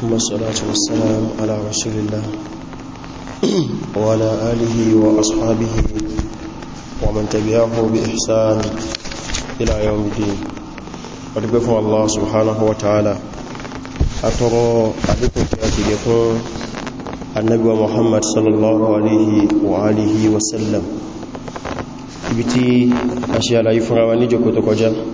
ثم الصلاة والسلام على رسول الله وعلى آله وأصحابه ومن تبعه بإحسان إلى يوم الدين ودقفوا الله سبحانه وتعالى أترى أبكم تأتيكم النبي محمد صلى الله عليه وآله وسلم بتي أشياء لا ṣe àlàyé fúnra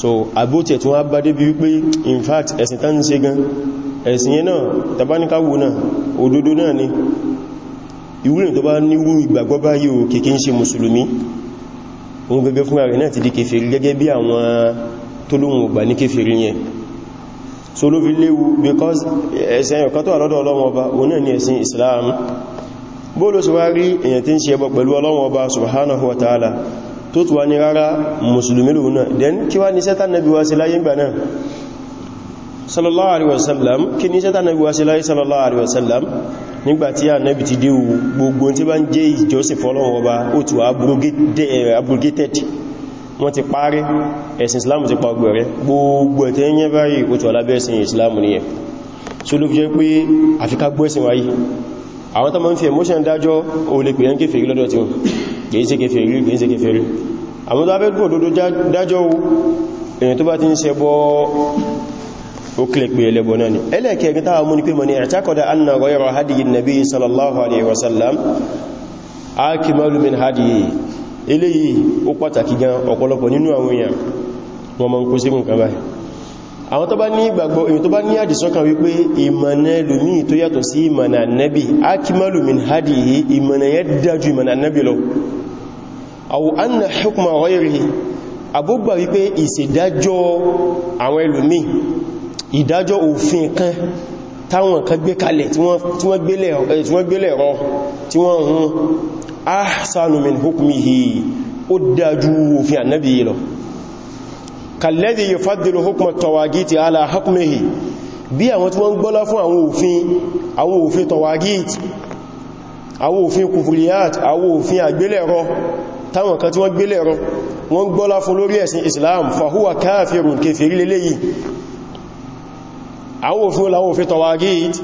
so àbótẹ̀ tí wọ́n bá débi wípé in fact ẹ̀sìn tán ń ṣe gan ẹ̀sìn yẹn náà tàbáníkàwò náà òdodo náà ni ìwúrin tó bá níwú ìgbàgbọ́ báyìí ò kìkí ń ṣe mùsùlùmí òun gẹ́gẹ́ fún ààrẹ náà ti di kèfèrí gẹ́gẹ́ bí àwọn tó lóhun ògbà ní kèfèrí yẹn so ló fi léwu because ẹ̀sìn ẹ̀yọ̀kan tó wà lọ́dọ̀ ọlọ́wọ́ ọba òun náà ni ẹ̀sìn Islam bóòlù sọ wá rí èyàn tí ń ṣe ẹbọ pẹ̀lú ọlọ́wọ́ ọba subhanahu wa ta'ala tó tuwa ní rárá musulmi lòun náà den kí wá ní sẹ́tà nàbí wá sí láyé gbà náà sallallahu alaihi wasallam kí ní sẹ́tà nàbí wá sí láyé sallallahu alaihi wasallam nígbàtí ànábì ti dé gbogbo tí bá ń jẹ́ ìjọsìn fọ́lọ́run ọba ó ti wà eh, abrogated wọ́n ti parí ẹ̀sìn islamu ti so ló fi jẹ́ pé àfikà gbọ́ ẹ̀sìn wáyìí àwọn tó ma kìí ṣe kèfèrí kìí ṣe kèfèrí àwọn tó abẹ́ gbọ́ òdodo dájọ́ o èyàn tó bá ti ń ṣe bọ́ ó kílẹ̀ pé ẹlẹ́bọ náà ni ẹlẹ́kẹ̀ẹ́gẹ́ táwà mú ní pé mọ̀ ní i'taqada anna ghayra hadiyi nabi sallallahu alaihi wasallam akimalu min hadiyi eléyìí ó pàtàkì gan ọ̀pọ̀lọpọ̀ nínú àwọn èèyàn wọ́n mọ́ ń kó sígun kan báyìí àwọn tó bá ní ìgbàgbọ́ èyí tó bá ní àdìsọ́kàn wípé ìmọ̀nà lùmí tó yàtọ̀ sí ìmọ̀nà nẹ́bì akimalu min hadihi ìmọ̀nà yẹ dájú ìmọ̀nà nẹ́bì lọ àwọn anna hukma ghayrihi àbúgbà wípé ìṣèdájọ́ àwọn ẹlùmí ìdájọ́ òfin kan táwọn kan gbé kalẹ̀ tí wọ́n gbélẹ̀ eh, rán kàlẹ́dì yóò fàdìlò hukmọ̀ tọwàgìtì ala hukmihi bí àwọn tí wọ́n gbọ́lá fún àwọn òfin àwọn òfin tọwàgìtì àwọn òfin kùfùlìyàt àwọn òfin àgbélẹ̀rọ táwọn kan tí wọ́n gbélẹ̀rọ wọ́n gbọ́lá fún lórí ẹ̀sìn Islam fahuwa káàfirun kèfèrí lélẹ́yìí àwọn òfin láwọn òfin tọwàgìtì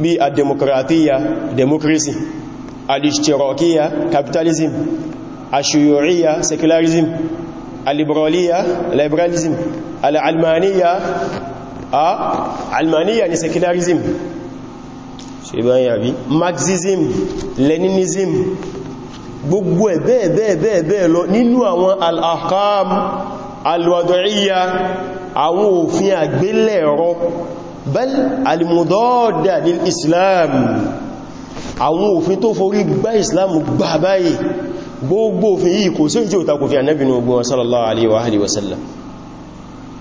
bí àdèmokratíyà democracy alìṣtìrọ̀kíyà capitalism aliberaliya liberalism al'almaniya a almaniya ni secularism ṣe bá yà bí marxism leninism gbogbo ẹ̀ bẹ́ẹ̀ bẹ́ẹ̀ bẹ́ẹ̀ bẹ́ẹ̀ lọ nínú àwọn al'akam alwadoriya àwọn òfin àgbélẹ̀rọ bẹ́l alimudọ́ọ̀dà ní islam àwọn òfin tó forí gbá islam gbà báyìí gbogbo òfin yìí kò sí ìjọ òtakò fi annabi ní ogun sallallahu alaihi wa alihi wasallam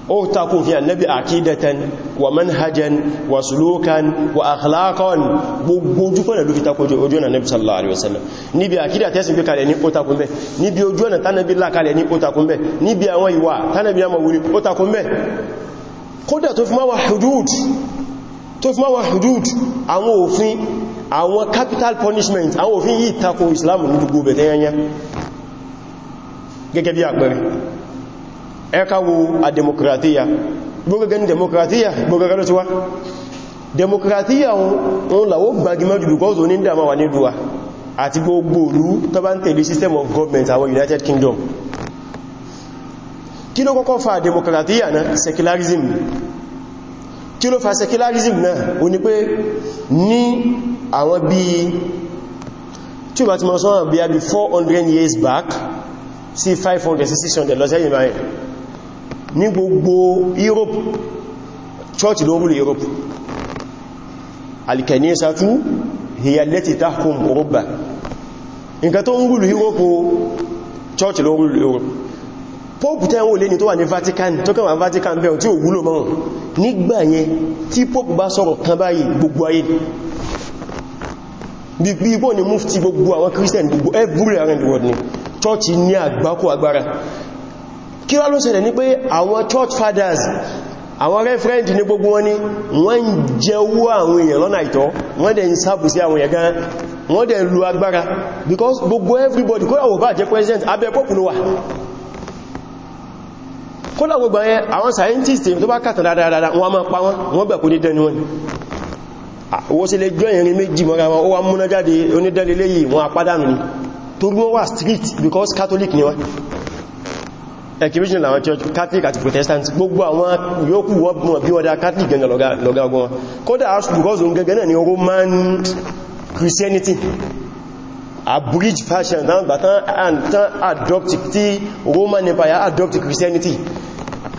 ó takò fi annabi akidatan wa manhajan wa sulukan wa akhlaqan gbogbo ojú fọ́nà ló fi takò ojú ọ̀nà nabi sallallahu alaihi wasallam níbi akida tẹ́sìn fi kalẹ̀ ní ó takò mbẹ̀ níbi ojú ọ̀nà tánàbí là kalẹ̀ ní ó takò mbẹ̀ níbi àwọn ìwà tánàbí àmà wuri àwọn capital punishment àwọn òfin yìí tako Islam ní gbogbo bẹ̀tẹ̀ yẹnyẹ gẹ́gẹ́ bí àpẹẹrẹ ẹkawo a demokratiya gbogbo ní demokratiya gbogbo gẹ́gẹ́ lọ́tíwá demokratiya òun làwọ́ gbagimọ́ jù because oní dàmà wà ní duwa àti gbogbo olú tó bá ń tẹ̀lé system of government àwọn United Kingdom kí ló kọ́kọ́ fa demokratiya na secularism kí ló fa secularism náà o ní pé ní àwọn bí tí o bá ti mọ́ sọ́wọ́n bí i 400 years back sí 500 sí 600 lọ sẹ́yìn báyìí ní gbogbo Europe church ló rúlé Europe alkanisatu hiyallati tahkum Europa nǹkan tó ń rúlé Europe church ló rúlé Europe pope tẹ́ wọ́n lè ní tó wà ní Vatican tó kẹwà Vatican bẹ̀rẹ̀ tí ò wúlò mọ́ nígbà yẹn tí pope bá sọ̀rọ̀ kan báyìí gbogbo ayé bí ipò ni mufti gbogbo àwọn Christian gbogbo everywhere around the world ni church ní àgbákò agbára kí wá ló ṣẹlẹ̀ ní pé àwọn church fathers àwọn referent ní gbogbo wọn ni wọ́n ń jẹ́wó àwọn èèyàn lọ́nà àìtọ́ wọ́n dẹ̀ ń sáàbù sí àwọn èèyàn wọ́n dẹ̀ lu agbára because gbogbo everybody kó àwòbá jẹ́ president abẹ́ pọ́pùlówà kódà gbogbo ẹ̀ àwọn scientist tó bá kàtàn dáadáa wọn máa pa wọn wọ́n gbà kó ní dẹni wọn wọ́n sí lè jọ ìrìn méjì mọ́ra wọn ó wá múná jáde onídẹ́lélé yìí wọn àpádànù ni torí wọ́n wà street because catholic ni wọ́n ẹkìrísìn làwọn church catholic àti protestant gbogbo àwọn yòókù wọ́n bí ọdá catholic gẹ́gẹ́ lọ́gá ọgbọ́n wọn kódà because òun gẹ́gẹ́ náà ni roman christianity abridged fashion tán adopt ti roman empire adopt christianity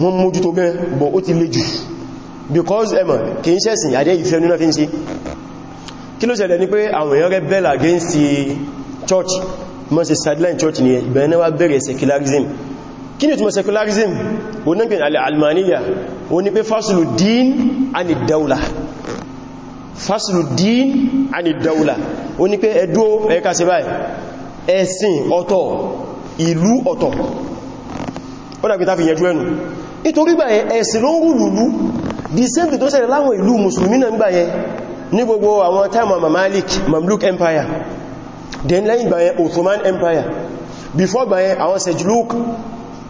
wọ́n mójú tó bẹ́ bọ̀ ó ti lè jù because ẹmọ̀ kì í ṣẹ̀sìn àdẹ́ ìfẹ́ nínú fi ń ṣe kí ló ṣẹlẹ̀ ní pé àwọn èèyàn rebel against the church mọ́ sí sideline church ni ìbẹ̀rẹ̀ náà wá bẹ̀rẹ̀ secularism kí ni túnmọ̀ secularism onígbìn almaniya o ní pé fásilù dín àni dáúlà fásilù dín àni dáúlà o ní pé ẹ̀dúó ẹ̀ka sí báyìí ẹ̀sìn ọ̀tọ̀ ìlú ọ̀tọ̀ ó dàbí tá fi yẹjú ẹnu nítorí gbà yẹn ẹ̀sìn ló ń rú lùlú the same thing tó ṣẹlẹ̀ láwọn ìlú mùsùlùmí náà gbà yẹn ní gbogbo àwọn time of Mamluk Empire then lẹ́yìn gbà yẹn Ottoman Empire before gbà yẹn àwọn Seljuk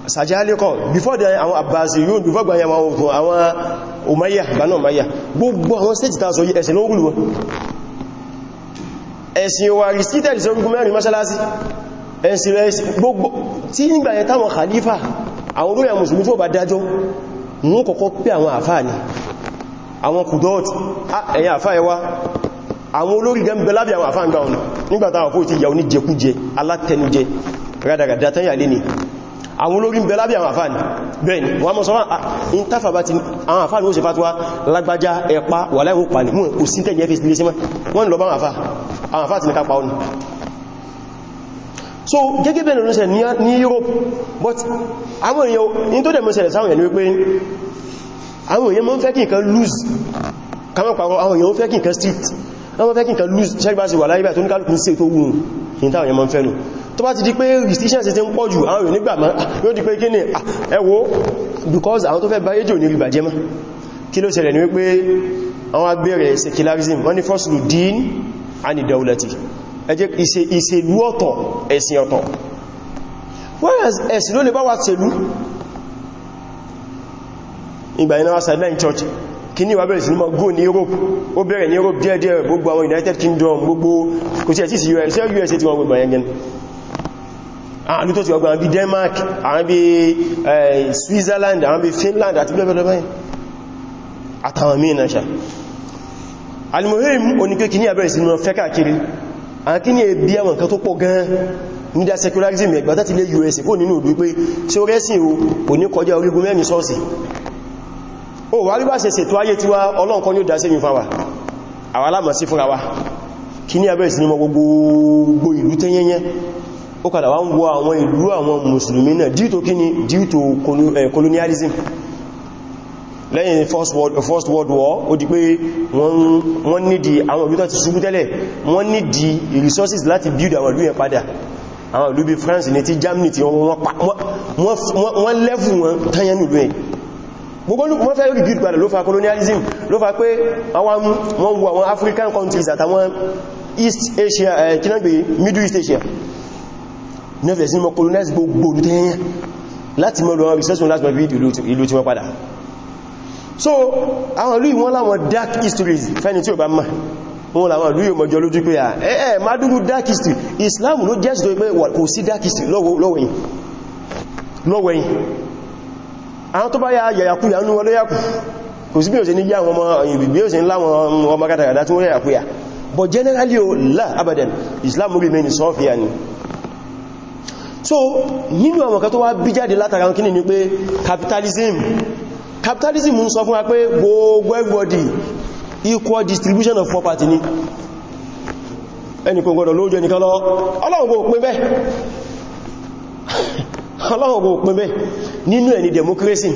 Sajaliko before then àwọn Abbasiyun before gbà yẹn àwọn umaya, Banu umaya, gbogbo àwọn state ta sọ yìí ẹ̀sìn ló ń rú lùwọ́ ẹ̀sìn wa rìsítẹ̀ ìsọ́gbùn gbogbo tí nígbà khalifa àwọn olóyè mùsùlùmí tó bá dájọ́ mú kọ́kọ́ pé àwọn àfáà ni àwọn kùdọ́ọ̀tù ẹ̀yà àfáà ẹwà àwọn olórí gẹ́m bẹ̀lábí àwọn àfáà ń gbà ọ̀nà nígbàtà àwọn fóò ti yà oníjẹkújẹ alátẹnujẹ rádàrádà tán yà lé ní àwọn olórí ń bẹ̀lábí àwọn àfáà ní bẹ́ẹ̀ni wọ́n mọ́ sọ́wọ́n ìntàfàbà ti àwọn àfáà ní ó ṣe fàtíwá lágbàjá ẹ̀pá so gẹ́gẹ́ bẹ̀rẹ̀ ló ṣẹlẹ̀ ní Europe but àwọn èèyàn in tó dẹ̀mọ́ ṣẹlẹ̀ sáwọn èèyàn wípé àwọn èèyàn mọ́ ń fẹ́ kí nǹkan lose kàmọ́pàá àwọn èèyàn fẹ́ kí nǹkan strict wọ́n fẹ́ kí nǹkan lose ṣẹ́gbà sí wà láyé báyìí tó ní kálùkù sí ètò wùn ní táwọn èèyàn mọ́ ń fẹ́ nù tó bá ti di pé restrictions ti ń pọ̀ jù àwọn èèyàn nígbà mọ́ ah, yóò di pé kí ni ah, ẹwọ́ because àwọn tó fẹ́ bá ejò ní rìbàjẹ́ mọ́ kí ló ṣẹlẹ̀ ní wípé àwọn abẹ́rẹ̀ secularism wọ́n ni first lu din and idolati ẹjẹ́ ìṣèlú ọ̀tọ̀ ẹ̀sìn ọ̀tọ̀ whereas ẹ̀sìn ló lè bá wà tẹ̀lú ìgbà iná sideline church kí ní wà bẹ̀rẹ̀ sí mọ́ go ní Europe ó bẹ̀rẹ̀ ní Europe díẹ̀díẹ̀ gbogbo àwọn United Kingdom gbogbo kò sí ẹ̀sí USA tí wọ́n gbogbo ẹ̀yẹn àlú ah, tó ti wọ́n gbogbo bí Denmark àwọn bí Switzerland àwọn bí Finland àti bẹ́ẹ̀bẹ́ẹ̀ báyìí àtàwọn mìíràn ṣá alimohim oníkẹ́kì ní àbẹ̀rẹ̀ sí mọ́ fẹ́ káàkiri àwọn kí ní ẹbí àwọn nǹkan tó pọ̀ gan nídá secularism ẹgbàtà ti lé us kò nínú òdú pé tí ó rẹ́sìn o kò ní kọjá orígun mẹ́rin sọ́ọ̀sì o wà rí bá ṣe ṣètò ayé tiwa ọlọ́nkọ́ ní ó dá sẹ́yìn fáwà àwọn alámọ̀ sí fúnra wa kí ní abẹ́rẹ̀ due to kí due to colonialism lẹ́yìn first world, first world war ó di pé wọ́n nídi àwọn ìlú tó ti ṣubú tẹ́lẹ̀ wọ́n nídi resources láti build àwọn ìlú yẹn padà àwọn ìlú bí France ní ti Germany ti wọ́n lẹ́fù wọn tányẹn ìlú yẹn gbogbo wọ́n fẹ́ rebuild padà ló fa colonialism ló fa pé wọ́n wo àwọn African countries àtàwọn East Asia eh, kínágbé Middle East Asia nẹ́fẹ̀ẹ́ sí mọ́ colonize gbogbo olùtẹ́yẹn láti mọ́ lọ àwọn resources láti mọ́ bí ìlú tí wọ́n padà so àwọn ìlú ìwọ́n láwọn dark histories fẹ́ni tí ò bá mọ̀ wọn làwọn ìlú yóò mọ̀jọ lójú pé à ẹ́ẹ̀ mádúrú dark history Islam ló jẹ́ ìsìdó pé kò sí dark history lọ́wẹ́yìn àwọn tó bá yá yàyàkú yà ń wọlé yàkú kò sí bí ó ṣe ní yá àwọn ọmọ ìbìbí ó ṣe ń láwọn ọmọ kátàkàdá tí wọ́n yàyàkú yà but generally o la abadan Islam remain sọ́fíà ni so nínú àwọn kan tó wá bí jáde látara kíni capitalism capitalism ń sọ fún wa pé gbogbo everybody equal distribution of property ni ẹnìkan gbọdọ̀ lóúnjẹ nìkan lọ Ọlọ́run bó pín bẹ́ẹ̀ Ọlọ́run bó pín bẹ́ẹ̀ nínú ẹni democracy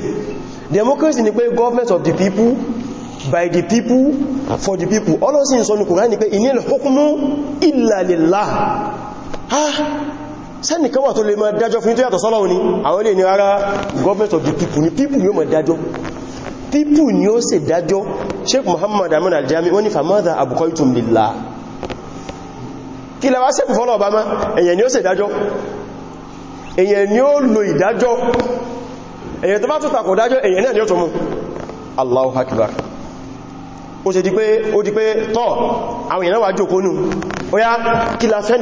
democracy ni pé government of the people by the people for the people ọlọ́sìn sọ ní Kùránì pé inil hukmu illa lillah sẹ́nìkan wà tó lè máa dájọ́ fún ìtòyàtọ̀ sọ́lọ́wọ́ ni àwọn ilé ní ara government of the people ni people ni ó dájọ́ people ni ó ṣe dájọ́ Sheikh Muhammad Amin Al-Jami wọ́n ni famada abukaitum lillah kí lẹ́wà sẹ́kù fọ́lọ̀ ọba má èyàn ni ó ṣe dájọ́ èyàn ni ó lo ìdájọ́ èyàn tó Allahu Akbar ó ṣe di pé ó di pé tọ́ àwọn èyàn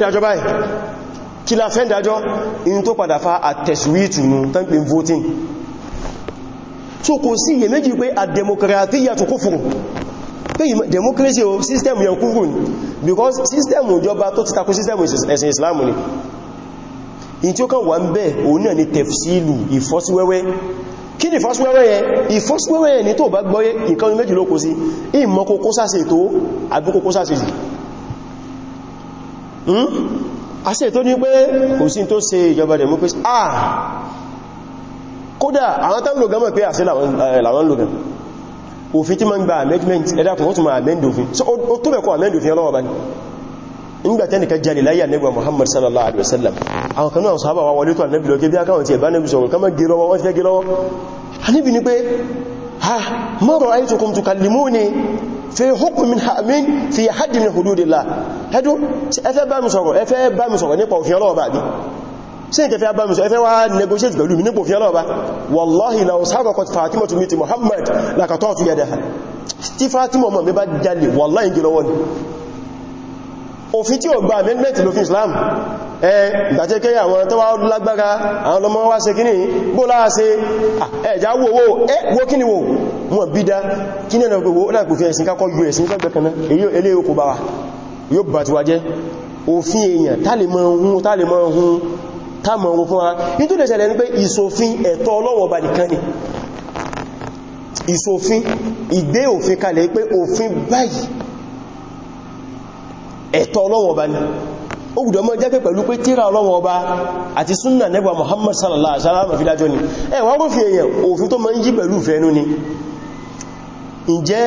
náà wà kí la fẹ́ dájọ́ in tó padà fa àtẹ̀sùwítù nù tán pè voting so kò sí iye méjì pé àdẹmokrati yàtọ̀ kúfùrù pé democracy o system yẹn kúfùrù ni because system ìjọba tó ti takò system ẹ̀sìn Islam ni in tí ó kàn wà ń bẹ́ òun náà ni tefsilu ìfọ́síwẹ́wẹ́ kí ni ìfọ́síwẹ́wẹ́ yẹn ìfọ́síwẹ́wẹ́ yẹn ni tó bá gbọ́yé nǹkan méjì ló kó sí ìmọ̀ sáṣe tó àbí sáṣe jù hmm? àṣẹ tó ní pé kò sí tó ṣe ìjọba democracy ah kódà àwọn tán lò gánmà pé àṣẹ làwọn lò gán òfin tí ma ń gba amendment ẹ̀dàkùn ó tún ma so ó tó bẹ̀kọ́ amend òfin ọlọ́wọ́ bá ní nígbàtẹ́ nìkan jẹ́ níláyà nígbà Muhammad sallallahu alaihi wasallam àwọn kanáà sahaba wa wọlé tó annabi lọ gẹ́bí akáwọn ti ẹ̀bá nẹ́bí kama gẹ́rọwọ́ wọ́n ti fẹ́ ha mọ́rọ̀ aitukum tukallimuni fi hukumin ha'amin fi haddin hududillah ẹdú ẹfẹ́ bá mi sọ̀rọ̀ ẹfẹ́ bá mi sọ̀rọ̀ nípa òfin ọlọ́ọ̀bá bí ṣe n kẹfẹ́ bá mi sọ̀rọ̀ ẹfẹ́ wá negotiate pẹ̀lú mi nípa òfin ọlọ́ọ̀bá wallahi law saraqat fatimatu binti muhammad la qata'tu yadaha tí fatima mọ̀ mi bá jalè wallahi gẹ́lọ́wọ́ ni òfin tí ó gba amendment lófin Islam ẹ ìgbàtẹ́ kẹ́yà àwọn tó wá lágbára àwọn ọmọ wá ṣe kíní bó láà ṣe ẹ̀já wo wo ẹ wo kíní wo wọn bí dá kíní ẹ̀nà gbogbo láàpùfẹ́ ẹ̀sìn kákọ́ yóò ẹ̀sìn kẹ́gbẹ̀ kan náà èyí elé okò bá wa yóò bà ti wá jẹ́ òfin èèyàn tá lè mọ ohun tá lè mọ ohun tá mọ ohun fún ìgbé òfin kalẹ̀ pé òfin báyìí ẹ̀tọ́ Ọlọ́run Ọba ni ó gbùdọ̀ mọ́ jẹ́ pé pẹ̀lú pé tíra Ọlọ́run Ọba àti súnnà nẹ́gbà Muhammad sallallahu alaihi wasallam fi dájọ́ ni ẹ wọ́n rúfin èèyàn òfin tó máa ń yí pẹ̀lú ni ǹjẹ́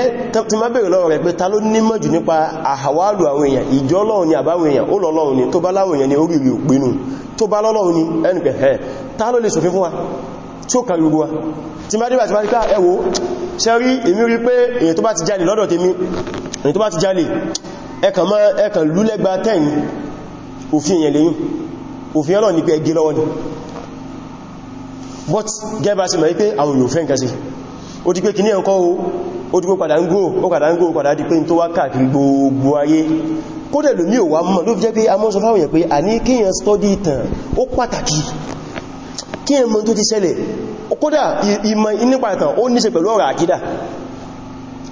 tí má bèèrè lọ́wọ́ rẹ̀ pé ta ló nímọ̀ jù nípa àhàwálù àwọn èèyàn ìjọ Ọlọ́run ni àbáwọn èèyàn ó lọ́lọ́run ni tó bá láwọn èèyàn ni oríire òpinu tó bá lọ́lọ́run ni ẹnìkẹ̀ ẹ̀ ta kàrí gbogbo wa tí má débà tí má dípá ẹwò ṣe rí èmi rí pé èyàn tó bá ti jalè lọ́dọ̀ tèmi èyàn tó bá ti jalè ẹkàn máa ẹkàn lúlẹ́gba tẹ́yìn òfin èèyàn lẹ́yìn òfin ọ̀nà ní pé ẹgbẹ́ lọ́wọ́ ni but gẹ́bà sí ma wípé àwọn yóò fẹ́ nǹkan ó ti pé kì ní ẹ̀kọ́ o ó ti pé padà ń gó ó padà ń gó padà di pé tó wá káàkiri gbogbo ayé kódẹ̀ lómi ò mọ́ ló fi jẹ́ pé a mọ́ sọ a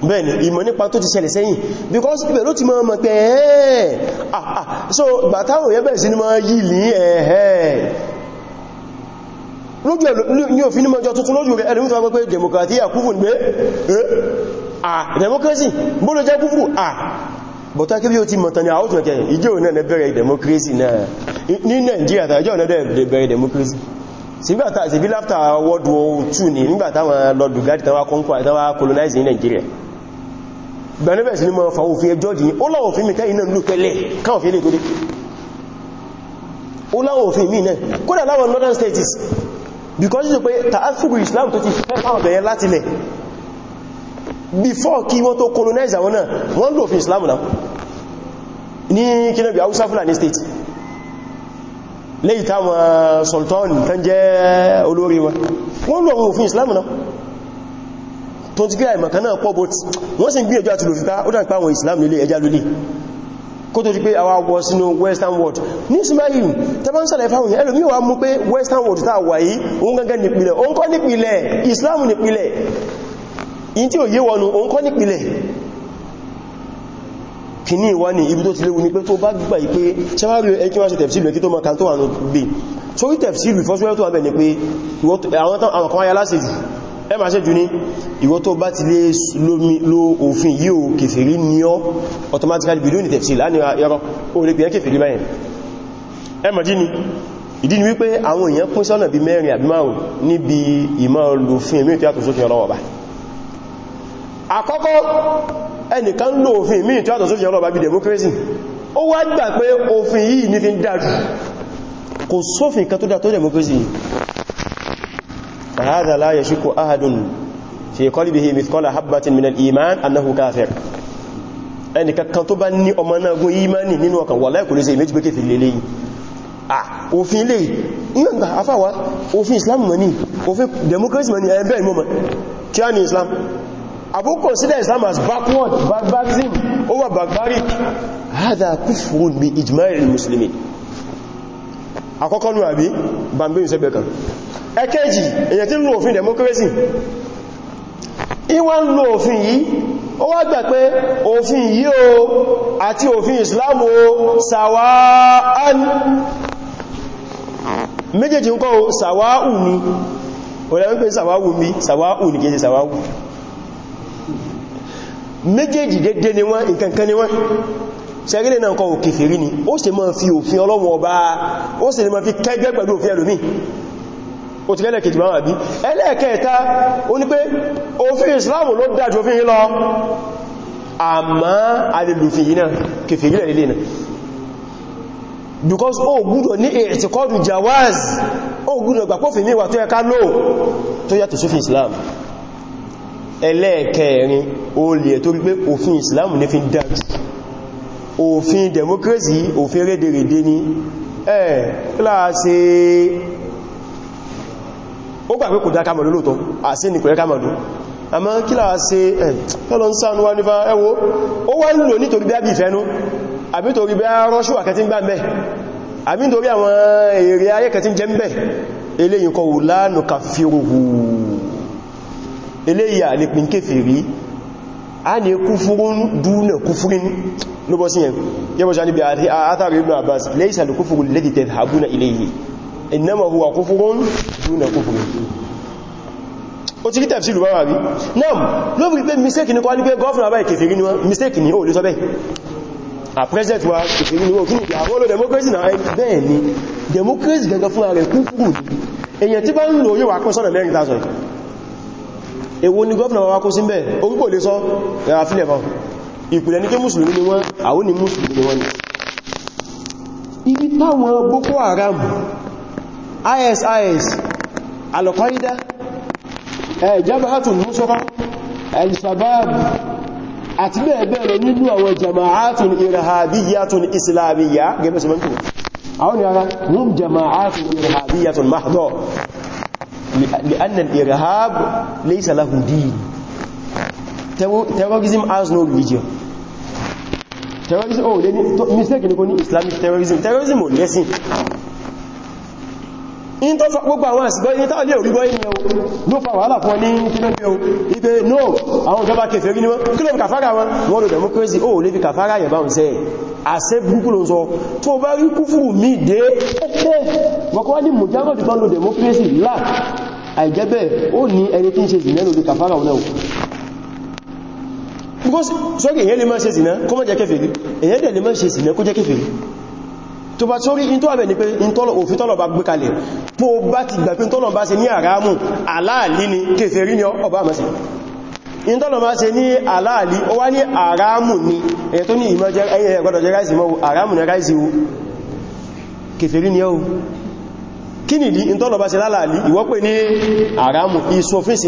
bẹ́ẹ̀ni ìmọ̀ nípa tó ti ṣẹlẹ̀ sẹ́yìn because ibẹ̀ ló ti mọ́ ọmọ pé ẹ̀ẹ́ àà ah, ah, so gbàtàwò yẹ́ bẹ̀rẹ̀ sí ni mọ́ yìí ní ẹ̀ẹ́ lójú ẹ̀ ní òfin ní mọ́jọ tuntun lójú rẹ̀ ẹ̀rùn democracy ah, democracy bóòlò jẹ́ kúfù ah bọ̀tá democracy náà ní Nigeria tàíjọ́ náà democracy sígbàtà sí bí láftà World War II ní nígbàtà wọn lọ dùgádì tàwọn kọ́nkọ́ àtàwọn colonize ní Nigeria bẹ̀rẹ̀bẹ̀sì ní mọ́ fàwọ́ òfin ẹjọ́ jìí ó láwọn òfin mi tẹ́ iná ló tẹ́lẹ̀ káwọn fi lè tó dé ó láwọn òfin mi náà kódà láwọn northern states because ṣe pé tààfùgù islam tó ti fẹ́ láwọn bẹ̀yẹ láti lẹ̀ before kí wọ́n tó colonize àwọn náà wọ́n lò òfin islam náà ní kíná bí haúsá fúlàní sultan tán jẹ́ olórí wọn wọ́n lò òfin islam náà tó ti gbé àìmọ̀kan náà pọ̀ bóti wọ́n sì ń gbìyànjú àti lòfíta ó dá ń pa àwọn Islam lélẹ̀ ẹja lólè kó tó di pé àwa wọ sínú western world ní ìsìnmáyì tẹ́bá ń sàlẹ̀ fáwọn ẹlòmí wa mú pé western world tàà wà yìí òun gangan nípìlẹ̀ òun nípìlẹ̀ Islam nípìlẹ̀ in tí ò yé wọnú òun kọ́ nípìlẹ̀ kìní ìwá ní ibi tó ti léwu ní pé tó bá gbà ìpé ṣẹ́wàrí ẹkí wá ṣe tẹ̀fṣìlù ẹkí tó ma kàntọ́ àwọn òbí torí tẹ̀fṣìlù fọ́síwẹ́rẹ́ tó wà bẹ̀ ní pé àwọn kan ayá lásìjù ẹ ma ṣe jù ní ìwọ tó bá ti lè lo òfin yìí o kèfèrí ní ọ automatically bìdó ní tẹ̀fsí láàrin ẹ̀rọ olùpẹ̀ kèfèrí báyẹn ẹ ma jí ni ìdí ni wípé àwọn èèyàn pín sọ́nà bí mẹ́rin àbí márùn níbi ìmọ̀ lòfin èmì ìtìyàtò sófin ọlọ́wọ̀ bá àkọ́kọ́ ẹnìkan lò òfin èmì ìtìyàtò sófin ọlọ́wọ̀ bá bí democracy ó wá gbà pé òfin yìí ní fi ń dájú kò sófin kan tó dá tó democracy yìí فهذا لا يشك أحد في قلبه مثقال حبة من الإيمان أنه كافر ẹni kankan tó bá ní ọmọ náà gún ìmáni nínú ọkàn wà láìkò lè ṣe méjì pékè fìlè lè òfin lè ìyàngbà afáwà òfin islam mọ̀ ní òfin democracy mọ̀ ní ẹgbẹ́ ìmọ̀mọ̀ kí á ní islam abu consider islam as backward barbarism over barbaric hada kufrun bi ijma'i muslimin àkọ́kọ́ nù àbí bambé ìṣẹ́gbẹ̀ kan ẹ̀kẹ́jì èyàn tí ń lo òfin democracy ìwọ́n lo òfin yìí ó wá gbà pé òfin yìí o àti òfin Islam o sàwáán méjèèjì ń kọ́ sàwáù ni ọ̀rẹ́ wípé sàwáù mi sàwáù ní kéde sàwáù méjèèjì dédé ni wọ́n nǹkankan ni wọ́n ṣẹ̀rílẹ̀ náà kọ òkèfèrí ni ó sì máa fi òfin Ọlọ́run ọba ó sì máa fi kẹgbẹ́ pẹ̀lú òfin ẹlòmí ó ti lẹ́lẹ̀ kejì máa bí ẹlẹ́ẹ̀kẹta ó ní pé òfin Islam ló dájú òfin lọ àmá alèlòfin yìí náà kèfèrílẹ̀ lélẹ̀ náà because ó gbọ́dọ̀ ní i'tiqadu jawaz ó gbọ́dọ̀ gbàpọ̀fẹ̀ mi wà tó ẹka lò tó yàtọ̀ sófin Islam ẹlẹ́ẹ̀kẹrin ó lè torí pé òfin Islam ní fi dájú òfin democracy òfin rédèrèdè ni ẹ̀ kíláàsì ó gbà pé kò dá kàmọ̀lú lóòtọ́ àsí ní kò yẹ kàmọ̀lú àmọ́ kíláàsì ẹ̀ tọ́lọ ń sáànú wá nífà ẹwọ́ ó wá ń lò nítorí bí ábì ìfẹ́nú àbí torí bí rọ́ṣù àkẹtí ń gbà mẹ́ àbí nítorí àwọn èrè ayé kẹtí ń jẹ mẹ́ eléyìí kọ wùlánù kàfíruhù eléyìí àlepin kéfèrí a ní kúfúrún dúnà kúfúrín ló bọ́ sí yẹn yẹ́bọ̀ sí níbi àtàrí ibn abbas laysa al-kufru alladhi tadhhabuna ilayhi innama huwa kúfúrún dúnà kúfúrín ó ti rí tẹ̀fsí lù bára rí náà ló bí pé mistake ní kọ́ ní pé gọ́ọ̀fún àbáyé kèfèrí ni wọ́n mistake ní ó lè sọ bẹ́ẹ̀ à president wa kèfèrí ni wọ́n kí ní àwọn olóò democracy náà bẹ́ẹ̀ ni democracy gangan fún ààrẹ kúfúrú èyàn tí bá ń lò yíwa kan sọ́nà mẹ́rin 000 èwo ni gọ́ọ̀nà wa kó síbẹ̀ orúkọ lè sọ ẹ̀rà fílẹ̀ fún ìpìlẹ̀ ní kí mùsùlùmí ni wọ́n àwọn ni mùsùlùmí ni wọ́n ni ibi táwọn Boko Haram ISIS Al-Qaeda Jabhatun Nusra Al-Shabab àti bẹ́ẹ̀bẹ́ẹ̀ nínú àwọn jama'atun irhabiyyatun islamiyya gẹ́gẹ́ sọ mọ́ àwọn ni ara hum jama'atun irhabiyyatun لأن الإرهاب ليس له دين terrorism has no religion terrorism oh they mistake ni kò ní Islamic terrorism terrorism ò lẹ́sìn in tó sọ gbogbo àwọn àsìgbọ́ in tó lè orí bọ́ ilẹ̀ o ló fa wàhálà fún ní kílọ́gbẹ̀ o ipe no àwọn ìjọba kèfèrí ni wọ́n kílọ̀ kàfàrà wọn wọ́n lò democracy ó oh, lè fi kàfàrà yẹ̀bá ń sẹ́ẹ̀ àṣẹ burúkú ló sọ tó bá rí kúfùrù mí dé ẹ́kẹ́ wọ́kọ́wá ní mùjágọ́dì tán lo democracy láà àìjẹ́bẹ̀ ó ní ẹni tí ń ṣe ìsìnlẹ̀ lórí kàfàrà ọ̀nà sọ́rí èyẹ́ lè máa ṣe ìsìnà kó mọ́ jẹ́ kèfèrí èyẹ́ dẹ̀ lè máa ṣe ìsìnà kó jẹ́ kèfèrí tó bá sọ́rí in tó àbẹ̀ ní pé òfin tọ́lọ̀ bá gbé kalẹ̀ tó bá ti gbà pé tọ́lọ̀ bá ṣe ní àrámù aláàlí ni kèfèrí ni ọba àmọ́sí in tọ́lọ máa ṣe ní aláàlì ó wá ní àrámù ní èyẹ tó ní ìmọ̀ jẹ́ ẹyẹ ẹ̀gbọ́dọ̀ jẹ́ ráìsì mọ́ àrámù ní ráìsì o kèfèrí ni ẹ́ o kí ni ìdí in bá ṣe láàlì ìwọ ní àrámù ìsòfínsì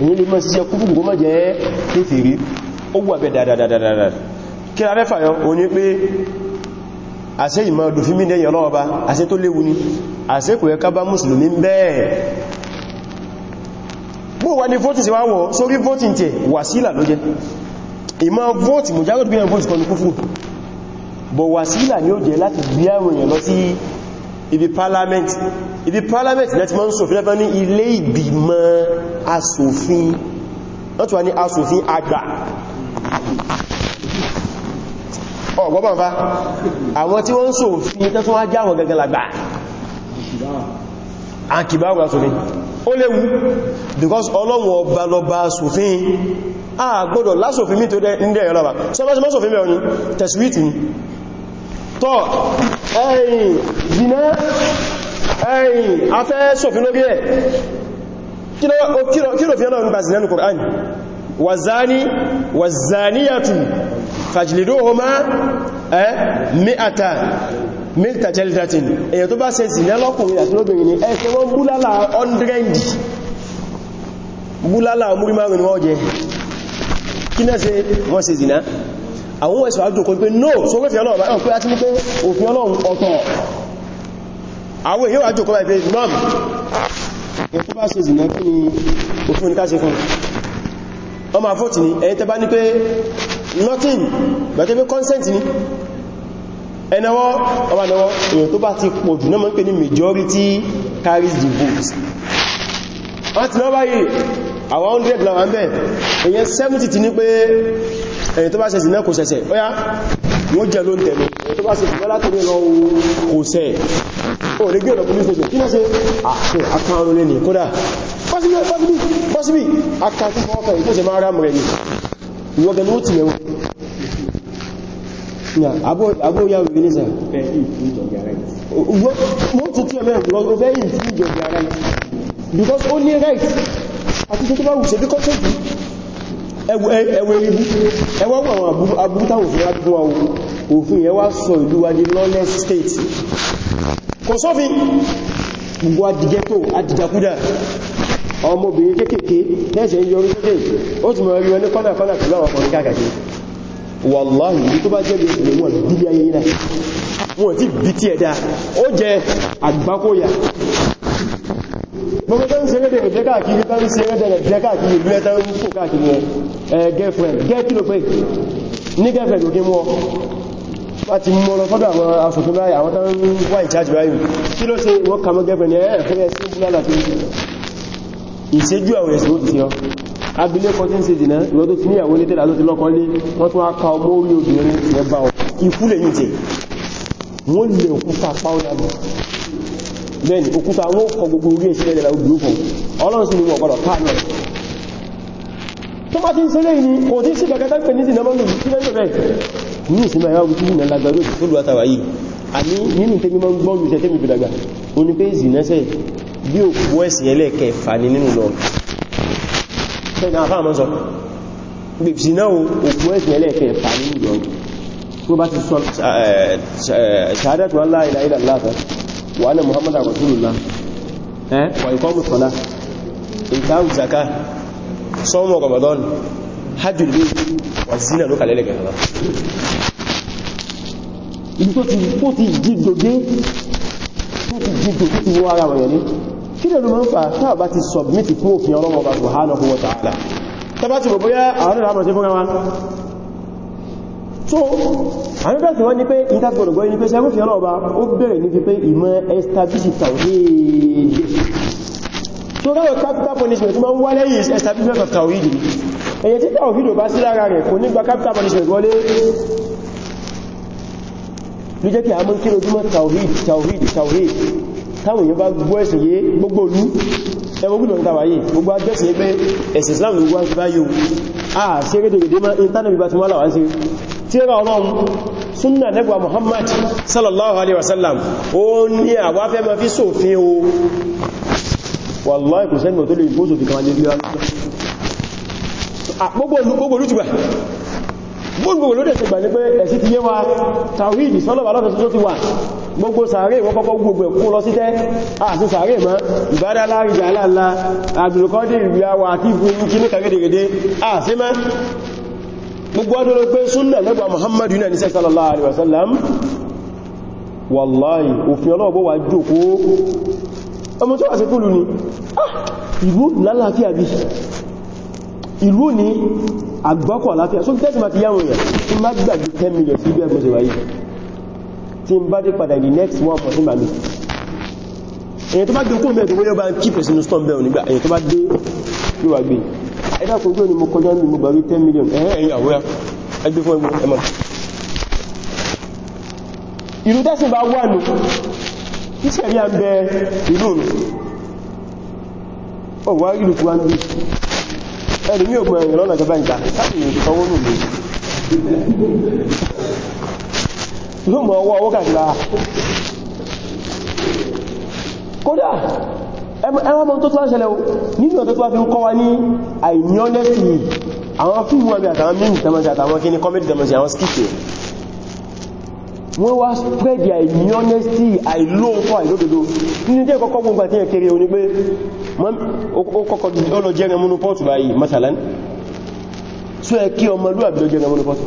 èyí lè mọ́ síṣẹ́ kúrù kó mọ́ jẹ́ kéfèrí ó wà bẹ́ dáadáa kí la mẹ́fà yọ o ní pé àṣẹ ìmọ̀ òdòfin mídẹ̀yìn ọlọ́ọba àṣẹ tó léwu ni àṣẹ kò yẹ ká bá mùsùlùmí bẹ́ẹ̀ bó wà ní voting sí wá wọ́ sórí voting tẹ̀ wàsílà ló jẹ́ ìmọ̀ vote mùjágọ́dù bí i vote kan kúfù bọ̀ wàsílà ni ó jẹ́ láti gbé àwọn èèyàn lọ sí ibi parliament ibi parliament lẹ́tí ma ń ṣòfin lẹ́fẹ́ ní ilé ìgbìmọ̀ aṣòfin láti wà ní aṣòfin àgbà ọgbọ́gbọ́n fa àwọn tí wọ́n ṣòfin tẹ́tún wá jáwọ̀ gẹ́gẹ́ lágbà àkìbáwọ̀ aṣòfin ó léwu because ọlọ́wọ̀n ọba lọba aṣòfin a gbọ́dọ̀ lásòfin mi tó dẹ́ ní ẹ̀yọ́ lọ́ba sọ́bọ́sọ́fin mẹ́rin ni tẹ̀síwìtì ni tọ́ ẹ̀yìn jìnà ẹ̀yìn afẹ́ sòfin lórí ẹ̀ kí ló fi ọlọ́run bá sí lẹ́nu Kùránì wàzáni wàzáníyàtù fàjìlìdóhomá ẹ́ mẹ́ta mẹ́ta jẹ́lìdàtìn èyàn tó bá ṣe sí lẹ́lọ́kùnrin àti lóbìnrin ni ẹ ṣe wọ́n búlálà 100 búlálà múrí márùn-ún wọ́n jẹ kí náà ṣe wọ́n ṣe zìná àwọn ẹ̀sọ̀ àjò kò pé no so ọlọ́run ọ̀tọ̀ àwọn èyí wà jù kọ́bà ìpé imam ẹ̀ tó bá ṣe zìnà kí ni òfin ká ṣe fún ọmọ àfọ́tì ni ẹ̀yìn tẹba ní pé nothing but pé consent ni ẹnẹwọ́ ọmọ ẹnẹwọ́ èyàn tó bá ti pọ̀ jù náà mọ́ pé ní majority carries the vote wọ́n ti náà báyìí àwọn 100 làwọn bẹ́ẹ̀ èyàn 70 ti ní pé ẹ̀yìn tó bá ṣe zìnà kò ṣẹ̀ṣẹ̀ yóò jẹ ló ń tẹ̀lé tó bá sì fún látòrí lọ kò sẹ́ ò lè gbé lọ police station kí lọ sí àkùn akáàrùn lè ní kódà pọ́síbí pọ́síbí akáàtí fọ́ọ̀kọ̀ ìtọ́sẹ̀ máa rám rẹ̀ ní ìwọ̀gẹ̀ ni ó ti lẹ̀wọ̀n abóyá òbí ní sàn wọ́n tún tí ẹ̀mẹ́ ọ̀fẹ́ ìfúnjọ̀gẹ̀ right because ó ní right àti tó tó bá wù sí bí kọ́ ẹwẹ́ ibú ẹwọ́ e àwọn abúrútà òfin àdúgbò òfin yẹn sọ ìlú wa di lawless state kò sófin gbogbo adìgẹ́tò adìjàkúdà ọmọbìnrin kéèkéé lẹ́sẹ̀ yọrí sókè ó túnmọ̀ ní kọ́nàkọ́nà pẹ̀lú àwọn ń káàkiri bá ń káàkiri Eh, girlfriend gẹ́kìlò pé ní girlfriend òkè mọ́ wá ti mọ́ lọ fọ́dọ̀ àwọn asòfin báyìí àwọn tán wà ìchájì báyìí kí ló ṣe wọ́n kàmọ́ girlfriend ẹ̀ẹ́ fún ẹ̀ sí ìbúlálà tó ìṣẹ́jú àwọn ẹ̀sìn ó ti ṣe ọ́ abilé kan tí ń ṣe dìná ìwọ́n tó ti níyàwó ní tẹ́lá tó ti lọ́kọ́ lé wọ́n tún aka ọmọ orí obìnrin ẹ̀bà ọ̀ ikú lè yìí tẹ̀ wọ́n lè òkúta pàwọ́dà bọ̀ bẹ́ẹ̀ni òkúta wọ́n kọ gbogbo orí ẹ̀ṣẹ́lẹ̀ tó bá ti ń sẹ́lẹ̀ ní kò tí sí kẹkẹta pẹ̀lú ìdínà mọ́nù tí lẹ́jọ́ rẹ̀ ní ìsinmi àyàwó tí ìrìnà lágbàdo tó lù àtàwà yìí àní nínú tẹ́mi mọ́ gbọ́n lùsẹ̀ tẹ́mi fi dàgbà o ní pé ìzìnẹ́sẹ̀ bí òkú ẹ̀sìn ẹlẹ́ẹ̀kẹfà ní nínú lọ tẹ́nà àfáà mọ́ sọ gbèbsì náà òkú ẹ̀sìn ẹlẹ́ẹ̀kẹfà ní nínú lọ tó bá ti sọ ṣàádẹ́tù Allah ilá ilá láta wà ní Muhammadu Rasulullah eh wà ìkọ́ mùsọ̀lá ìkáwù zaka sọ́mọ̀ Ramadan hajjul bí wà zina ló kàlẹ́lẹ̀ gẹ̀rẹ̀ ibi tó ti kó ti jígbogé tó ti jígbogé ti wọ́n ara wọ̀nyẹ̀ ní kí lẹ́nu mọ́ ń fa táà bá ti submit fún òfin ọlọ́wọ́ bá subhanahu wa ta'ala tàbá ti gbogbo yá àwọn ìlànà tí fúnra wa so àwọn ìbẹ̀sẹ̀ wọ́n ní pé interface gbogbo ní pé sẹ́mùfin ọlọ́wọ́ bá ó bẹ̀rẹ̀ ní fi pé ìmọ̀ establish tàwọn tó rẹ̀wẹ̀ capital punishment tó máa ń wá lẹ́yìn is establishment of tawhid èyẹ tí tawhid ò bá sí lára rẹ̀ kò ní gba capital punishment wọlé ló jẹ́ kí a mọ́ kí lójúmọ́ tawhid tawhid tawhid táwọn èèyàn bá gbọ́ ẹ̀sìn yé gbogbo olú ẹwọ́n gbùdọ̀ níta wáyé gbogbo agbẹ́sìn pé ẹ̀sìn Islam ló wá ń bá yóò àà sí rédè èdè máa ìntánàbí bá ti mọ́lá wá sí tí ra ọlọ́run súnnà nẹ́gbà Muhammad sallallahu alaihi wasallam ó ní àwáfẹ́ ma fi sófin o wallahi kò sẹ́mi ò tó lè gbóòsò fi kan ajébíyà ah, gbogbo olújùgbà gbogbo olóde ṣe gbà ní pé ẹ̀sí ti yé wa tàwíìdì sọ́lọ̀bà lọ́fẹ́ tó ti wà gbogbo sàárè wọ́n kọ́kọ́ gbogbo ẹ̀kún lọ sí tẹ́ àti sàárè mọ́ ìbádá láàrín àláàlá àdùrùkọ́dì ìgbìyàwó àti ìfún kí ní kàgẹ́dẹ̀gẹ́dẹ́ àti mẹ́ gbogbo ọdún ló pé súnnà lẹ́gbà Muhammadu ọmọ tó wà sí kúlù ni ah, ìlú lálàáfíà bí ìlú ní àgbákọ̀ àláfíà so tẹ́sì máa ti yáwọn èèyàn tí má gbàgbé 10 million sí ibi ẹgbẹ́ ṣe wáyé tí n bá dé padà ní next one for him àmì èyàn tó bá gbé okó mẹ́rin tó wọ́n bá ń kípẹ̀ sínú storm bell nígbà èyàn tó bá dé yíwà gbé ẹ̀dà kò gbé ní mo kọjá ní mo gbàgbé 10 million ẹ̀yìn àwọ́yá ẹgbẹ́ fún ẹgbẹ́ ẹmọ́ ìlú tẹ́sì bá wà nù kí sẹ̀rí à ń bẹ ìlú nù ó wá ìlú kú wọ́n bí ẹni ní ògbọ̀n ẹ̀yìn lọ́nà ìjọba ìgbà láti ìrìn ìfọwọ́ nù mí yóò mọ̀ ọwọ́ ọwọ́ kàkìlá kódà ẹwọ́n mọ́ tó tó ṣẹlẹ̀ nínú ọ̀tọ́ tó wá fi ń kọ́ wa ní àìníọ́lẹ́sì àwọn fíìmù àbí àtàwọn mímù tẹmọ̀sí àtàwọn kíní kọ́mẹ́dì tẹmọ̀sí àwọn skìtì wọ́n wá spread their honesty àìlóòtọ́ àìlódodo nínú jẹ́ kọ́kọ́ gbogbo àti ẹ̀kẹ́rẹ́ oní pé ó ọlọ jẹ́rẹ múnú pọ́ọ̀tù báyìí masalan so ẹ kí ọmọ lúàbí jẹ́rẹ múnú pọ́ọ̀tù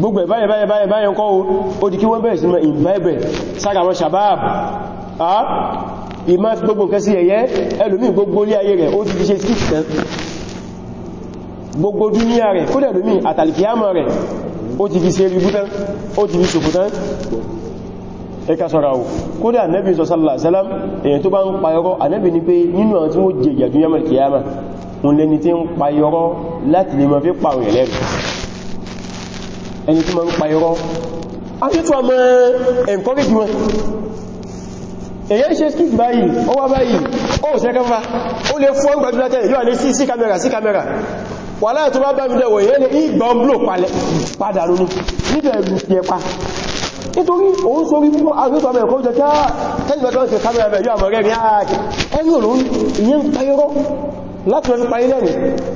gbogbo ẹ̀ báyẹ̀ báyẹ̀ báyẹ̀ báyẹ̀ kọ́ o di kí wọ́n bẹ̀rẹ̀ sí ma imbibe sára wọn shabab a ìmá gbogbo nǹkan sí ẹ̀yẹ́ ẹlòmí gbogbo ilé ayé rẹ̀ ó ti fi ṣe skit tán gbogbo dúníà rẹ̀ kó lẹ́lòmí àtàlìkìyàmọ̀ rẹ̀ ó ti fi ṣe ribú tán ó ti fi ṣòfò tán ẹka sọ́ra o kódà anẹ́bí sọ́sọ́lá sẹ́lám èyàn tó bá ń payọrọ anẹ́bí ni pé nínú àwọn tí wọ́n jẹ ìyàjú yamal kìyàmà òun lẹni tí ń payọrọ láti lè mọ̀ fi pàwọn ẹ̀lẹ́rìí ẹni tí ma ń pa irọ́ a ti tó a mọ́ encourage wọn èyẹ́ ṣe skip báyìí ó wá báyìí ó sẹ́kẹ́fà ó lè fún gbàdúrà tẹ́lẹ̀ yóò ní sí sí kamẹ́rà sí kamẹ́rà wà láyé tó bá bá mi dẹ̀wọ̀ èyẹ́ ní ìgbà ọmọ padà lónú nígbà ẹ̀lú fi ẹpa nítorí òun sórí púpọ̀ àgbẹ́sọ̀ ọmọ ẹ̀kọ́ jẹ́ kí á tẹ́lẹ̀mẹ́tọ́ ṣe kamẹ́rà bẹ̀ yóò àmọ̀ rẹ̀ rí ààkì ẹ̀yìn òun ìyẹn ń pa irọ́ láti rẹ̀ fi pa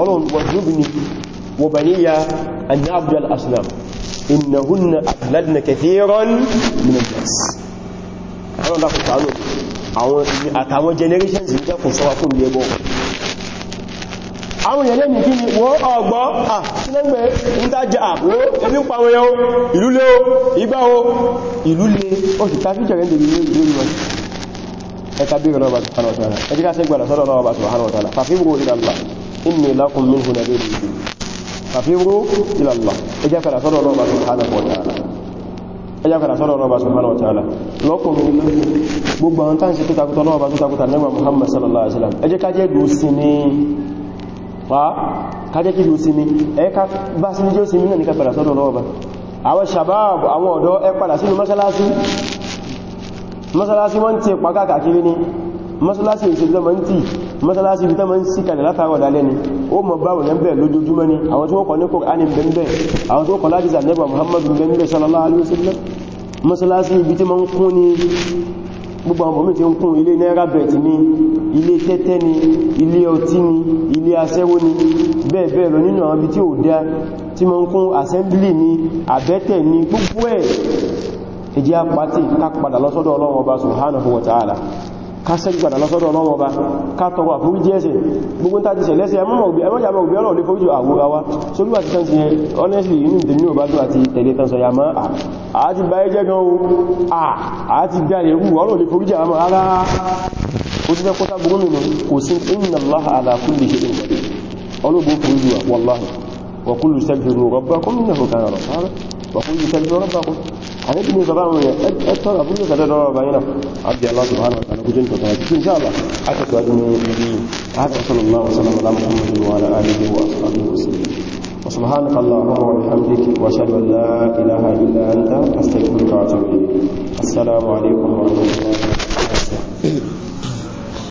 ọlọ́run wàjúbìnì wọ̀bàníyà àní abdul aslam innahunna adladna kathiran min al-jas ọlọ́run dákùn tánù àwọn àtàwọn generations ní jẹ́kùn sọ́wà fún ilé ẹgbọ́ kí ni wọ́n ọgbọ́ à tí lẹ́gbẹ̀ẹ́ ń dájá àwọ́ ẹbí pa wọn yẹn ìlú lé o ìgbà o ìlú lé o sì tàbí jẹ̀rẹ́ lè rí lórí wọn ẹ̀ta bí ìrọ̀lọ́wà subhanahu wa ta'ala ẹjíká inni lakum minhu nadhirun mubin fafiru ila Allah ẹjá kàrà sọ́dọ̀ ọlọ́ọ̀bá subhanahu wa ta'ala ẹjá kàrà sọ́dọ̀ ọlọ́ọ̀bá subhanahu wa ta'ala lọ́kùnrin ilé gbogbo àwọn tán sí tó takuta ọlọ́ọ̀bá tó takuta nẹ́gbà Muhammad sallallahu alaihi wasallam ẹjẹ́ kájẹ́ dùn sí ní pa kájẹ́ kí dùn sí ní ẹka bá sí ní jẹ́ sí ní nà ní kàpàdà sọ́dọ̀ ọlọ́ọ̀bá ni mọ́sálásí ìṣẹ́lẹ̀ mọ́ tí mọ́sálásí ibi tán mọ́ sí kalẹ̀ látàrọ̀ dalẹ́ ni ó mọ̀ báwọ̀ yẹn bẹ̀ lójoojúmọ́ ni àwọn tí wọ́n kọ̀ ní Kùránì bẹ̀m̀bẹ̀ àwọn tí wọ́n kọ̀ láti zanẹ́bà Muhammadu bẹ̀m̀bẹ̀ sallallahu alaihi wasallam mọ́sálásí ibi tí mọ́ ń ni gbogbo àwọn mọ̀mí tí ń kún ilé náírà bẹ̀t ni ilé tẹ́tẹ́ ni ilé ni ilé ni bẹ́ẹ̀ bẹ́ẹ̀ lọ nínú àwọn ibi tí ò dá tí ká padà lọ Ọlọ́run Ọba subhanahu wa ta'ala kásẹ́gbàdà lọ́sọ́dọ̀ ọlọ́wọ́ bá kátọrọ àforíjì ẹ̀ṣẹ̀ gbogbo tàbí ṣẹlẹ́sẹ̀ ẹmọ́jàmọ́ òbí ọlọ́run lè foríjì àwòrawa so bí wà ti honestly inú ìdè ní òbá tó àti tẹ̀lé tansọ ya máa àá ti báyé jẹ́ gan ohun àá ti dá ẹ̀rù ọlọ́run lè foríjì àmọ́ rárá ó ti wallahi wa kullu istaghfiru rabbakum innahu kana ghaffara وقل يكلم ربكم هذا ابن طبعا أكثر أقول لك هذا ربا هنا عبد الله سبحانه وتعالى كجنك إن شاء الله حتى تؤدني حتى صلى الله وسلم على محمد وعلى آله وأصحابه وسلم وسبحانك اللهم وبحمدك واشهد ان لا اله الا انت استغفرك واتوب اليك السلام عليكم ورحمه الله وبركاته